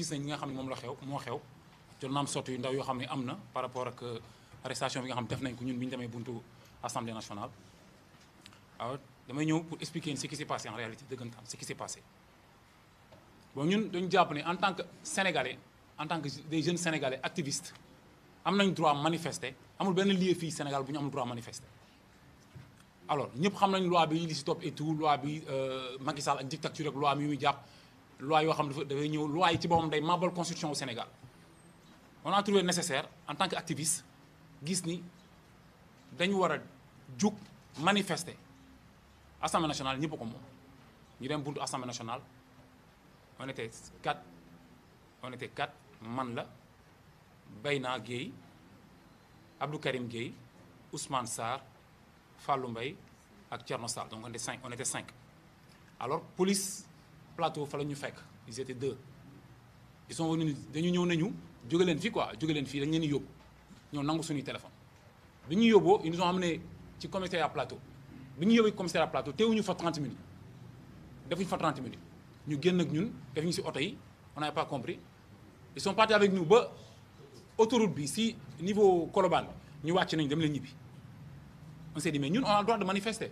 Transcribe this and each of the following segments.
gis nañ li nga xam ne moom la xew moo xew jot na am sotti yu ndaw yoo xam ne am na par rapport ak euh, arrestation bi nga xam def nañ ko ñun bi ñu demee buntu assemblée nationale waaw damay ñëw pour expliquer ce qui s'est passé en réalité dëggantaan ce qui s'est passé bon ñun dañu jàpp ne en tant que sénégalais en tant que des jeunes sénégalais activistes am nañ droit manifester amul benn lieu fii Sénégal bu ñu amul droit manifester alors ñëpp xam nañ loi bi li si topp et tout loi yoo xam dafa dafay ñëw loi yi ci boppam day mabal constitution au Sénégal on a trouvé nécessaire en tant que activiste gis ni dañu war a jug manifester assemblée nationale ñëpp ko dem buntu assemblée nationale on était quatre on quatre man la Bayna Guèye Abdou Karim Guèye Ousmane Sarr Fallou Mbaye ak Thierno Sall donc on était cinq on était police plateau fa la ñu fekk ils étaient deux ils sont venus dañu ñëw nañu jóge leen fii quoi jóge leen fii dañu leen di yóbbu ñëw nangu suñuy téléphone bi ñu yóbboo ils nous ont amené ci à plateau bi ñu yóbbee commissariat plateau teewuñu fa 30 minutes defuñu fa 30 minutes ñu génn ak ñun def ñu si oto yi on n'avait pas compris ils sont partis avec nous ba autoroute bi si niveau coloban ñu wàcc nañ dem leen ñibbi on s'est dit mais ñun on a droit de manifester.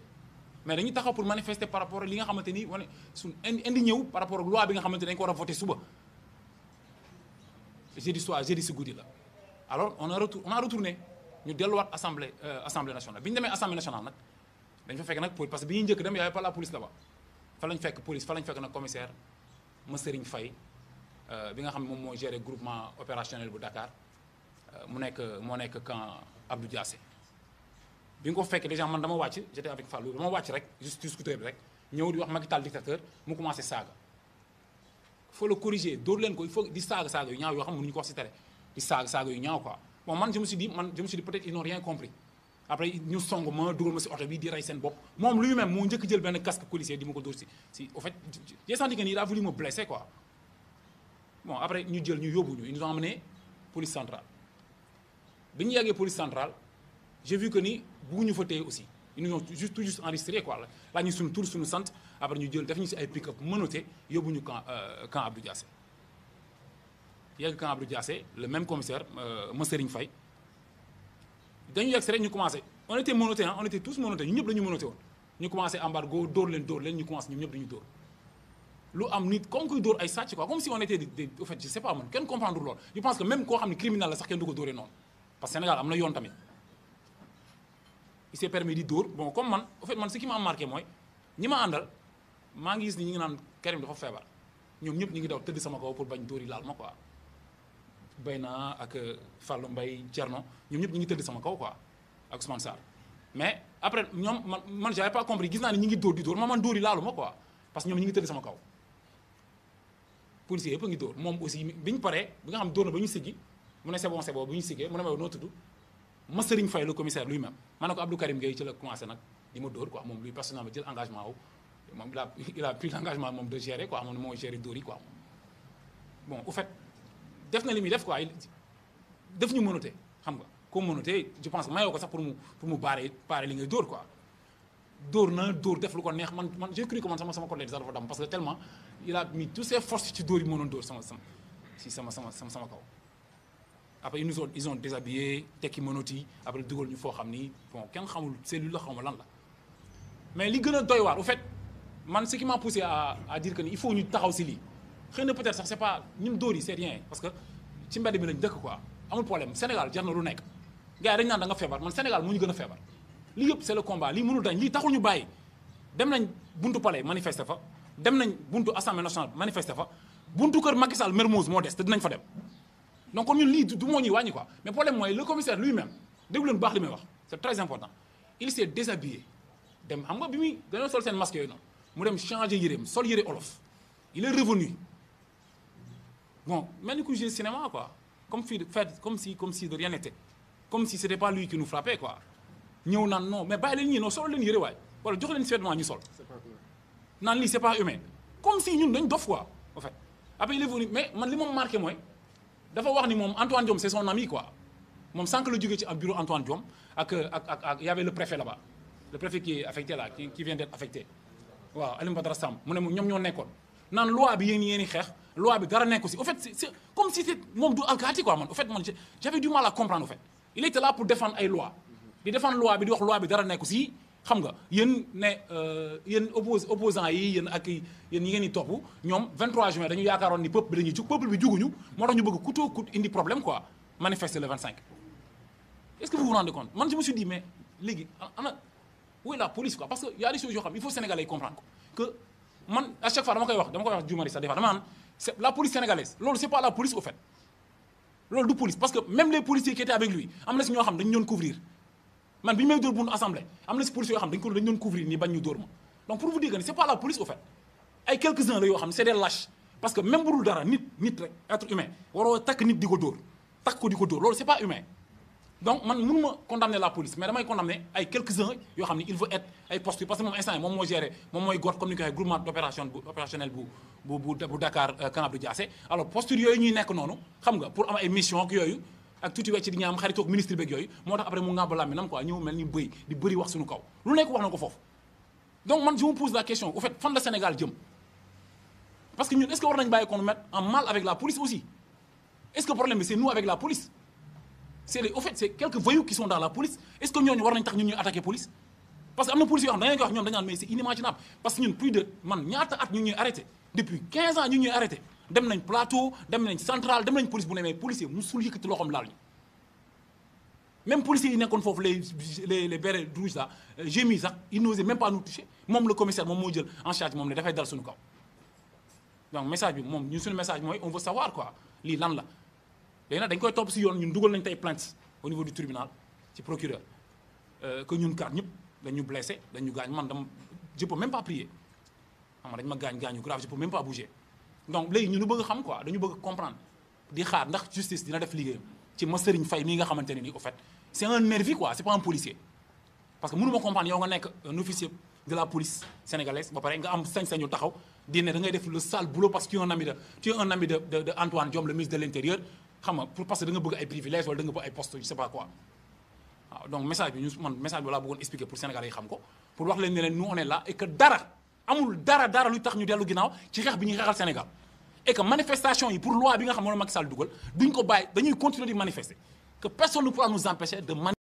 mais dañuy taxaw pour manifester par rapport ak li nga xamante ni wane suñ indi ñëw par rapport ak loi bi nga xamante ni dañ ko war a voter suba jeudi soir jeudi si guddi la alors on a retour on a retourné ñu delluwaat assemblée euh, assemblée nationale bi ñu demee assemblée nationale nag dañ fa fekk nag police parce que bi ñu njëkk dem y avait pas la police là-bas fa lañ fekk police fa lañ fekk nag commissaire ma Serigne Faye euh, bi nga xam moom moo géré groupement opérationnel bu Dakar euh, mu nekk moo nekk camp Abdou bi nga ko fekkee déjà man dama wàcc j'étais avec Fallou dama wàcc rek juste discuter bi rek ñëw di wax Macky Sall dictateur mu commencé saaga faut le corriger dóor leen ko il faut di saaga saaga yu ñaaw yoo xam mënuñu ko wax ci télé di saaga saaga yu ñaaw quoi bon man je me suis dit man je me rien compris après ñu song ma dugal ma ci oto bi di rey seen bopp moom lui-même moo njëkk jël benn casque policier di ma ko dóor ci ci au fait j'ai senti que ni a voulu ñu jël ñu yóbbu ñu ils nous ont emmené bi ñu yeggee police centrale j'ai vu que ni bugguñu fa téye aussi ils nous ont juste tout juste enregistré quoi la ñu suñu tur suñu sant après ñu jël def ñu si ay pick-up menotté yóbbuñu camp euh, camp Abdou Diassé yegg camp Abdou Diassé le même commissaire euh, ma Serigne dañu yegg ñu commencé on était menotté ah on était tous menotté ñu ñëpp la ñu menotté ñu commencé embargo dóor leen dóor leen ñu commencé ñoom ñëpp dañu dóor lu am nit comme kuy dóor ay sàcc quoi comme si on était des au fait comprendre lool yoon tamit il s'est permis di dóor bon comme man en fait man ce qui mooy ñi ma àndal maa ngi gis ni ñi ngi naan Karim dafa feebar ñoom ñëpp ñu ngi daw tëdd sama kaw pour bañ dóor laal ma quoi Bayna ak euh, Fallou Mbaye Thierno ñoom ñëpp ñu ngi tëdd sama kaw quoi ak Ousmane Sarr mais après ñoom man man j'avais pas naa ne ñi ngi dóor di dóor ma man dóor laalu ma quoi parce que ñoom ñi ngi tëdd sama kaw policier yëpp a ngi dóor moom aussi bi ñu paree bi nga xam dóor na ba ñu siggi mu ne c'est bon c'est bu ñu siggee mu ne ma noo tudd ma Serigne Faye le commissaire lui-même ma ne ko Abdou Karim Gueye ci la commencé nag di ma dóor quoi moom lui personnellement jël engagement wu moom il a il moom de gérer quoi moom mooy gérer bon au fait def na li muy def ko def ñu mënute xam nga ko mënute je pense que mayoo ko sax pour mu pour mu li ngay dóor quoi dóor na dóor def lu ko neex man man j'ai cru man sama sama collègue sax dafa dam parce que tellement il a mis toutes ses forces ci dóor yi mënoon dóor sama sama si sama sama après ils nous ont ils ñu foo xam ni bon kenn xamul cellule la xamul lan la mais li gën a doy waar au fait man ce qui m'a à à dire que ni ñu taxaw si lii xëy na peut-être sax c'est pas parce que ci mbedd bi lañ dëkk quoi amul problème Sénégal jar lu nekk gars yi dañ naan da nga feebar man Sénégal moo ñu gën a feebar lii yëpp c'est le combat lii mënul dañ lii taxul ñu bàyyi dem nañ buntu palais manifester fa dem nañ buntu assemblée nationale manifester fa buntu kër Macky Sall Mermoz moo des te dinañ fa dem donc comme ñun lii du moo ñuy wàññi quoi mais problème mooy le commissaire lui-même déglu leen bu baax li may wax c'est très important il s'est déshabillé dem xam nga bi muy dañoo sol seen masque yooyu mu dem changer yëreem sol yëre olof il est revenu bon mel ni ku jouer cinéma quoi comme fii comme si comme si de rien n'était comme si c'était pas lui qui nous frappait quoi ñëw naan non mais bàyyi leen ñii non solo leen yëre waay wala jox leen si vêtement ñu sol naan lii c'est pas humain comme si ñun dañ dof quoi en fait après il est man li ma marqué mooy dafa wax ni moom Antoine Diome c'est son ami quoi moom sànq la jógee ci bureau Antoine Diome ak ak ak ak y avait le préfet là-bas le préfet qui est affecté là qui vient d'être affecté waaw Alioune Badara Samb mu ne mu ñoom ñoo nekkoon naan loi bi yéen yéen i loi bi dara nekku si au fait c'est comme si c'est moom du alkaati quoi man au fait man j'avais du mal à comprendre au fait il était là pour défendre ay loi di défendre loi bi di wax loi bi dara nekku si xam nga yéen ne euh, yéen oppos opposants yi yéen ak yéen ñi ngeen di ñoom 23 juin dañu yaakaaroon ni peuple bi dañuy jug peuple bi juguñu moo tax ñu bëgg coûte que coûte indi problème quoi man je me suis mais léegi ana où la police quoi parce que y a des choses yoo xam il faut sénégalais comprendre ko que man à chaque fois dama koy wax dama koy wax jumari sax des fois dama la police sénégalaise loolu c'est pas la police au fait du police parce que même les policiers qui ñoo xam man bi ñu may dóor bu nu assemblée am na si police yoo xam dañ dañ doon couvrir nii bañ ñu dóor ma donc pour vous dire que c'est pas la police au fait ay quelques uns la yoo xam c'est des lâches parce que même dara nit nit rek être humain waroo takk nit di ko dóor takk ko di ko dóor loolu c'est pas humain donc man mënu ma la police mais damay condamner ay quelques uns yoo xam ne il veut être ay postes parce que moom instant yi moom moo géré moom ñu ko euh, noonu xam nga pour am ay mission yooyu ak tuuti wecc di ñaam xaritoog ministre beeg yooyu moo tax après mu ngàbb làmmiñam quoi ñëw mel ni bëy di bëri wax suñu kaw lu nekk wax na ko foofu donc man je pose la question au fait fan la Sénégal jëm parce que ñun est que war nañ bàyyi qu'on en mal avec la police aussi est que problème bi c'est nous avec la police c'est que ñooñu war nañ tax ñun ñuy attaquer police parce que am na police yoo xam ne dañu c'est inimaginable parce que ñun dem nañ plateau dem nañ central dem nañ police bu ne mais policier musul yëkkati loxoom laal ñu même policiers yi nekkoon foofu les les les bérets rouges là gémi euh, sax ils n'osaient même pas nous moom la commissaire moom moo jël en charge moom ne dafay dal suñu kaw donc message bi moom ñu suñu message mooy on veut savoir quoi lii lan la léegi nag dañ koy topp si yoon ñu dugal nañ tey plainte au niveau du tribunal ci procureur euh, que ñun kat ñëpp dañu blessé dañu gaañ man dama je peux même pas prier xam nga dañ ma gaañ gaañu grave je peux donc léegi ñu nu bëgg xam quoi dañu bëgg comprendre di xaar ndax justice dina def liggéeyam ci ma Serigne Faye mii nga xamante ne nii au fait c' un nervi quoi c' pas un policier parce que mënu comprendre yow nga nekk un officier de la police sénégalaise ba pare nga am sañ-sañu taxaw di ne da ngay def le sale boulot parce que un ami de tu un ami de Antoine Diome le ministre de l' intérieur parce que da bëgg ay privilèges wala da bëgg ay amul dara dara lu tax ñu dellu ginnaaw ci xeex bi ñuy xeexal Sénégal et manifestation yi pour loi bi nga xam moom la Macky Sall dugal duñ ko bàyyi dañuy continuer di manifester que personne ne pourra nous empêcher de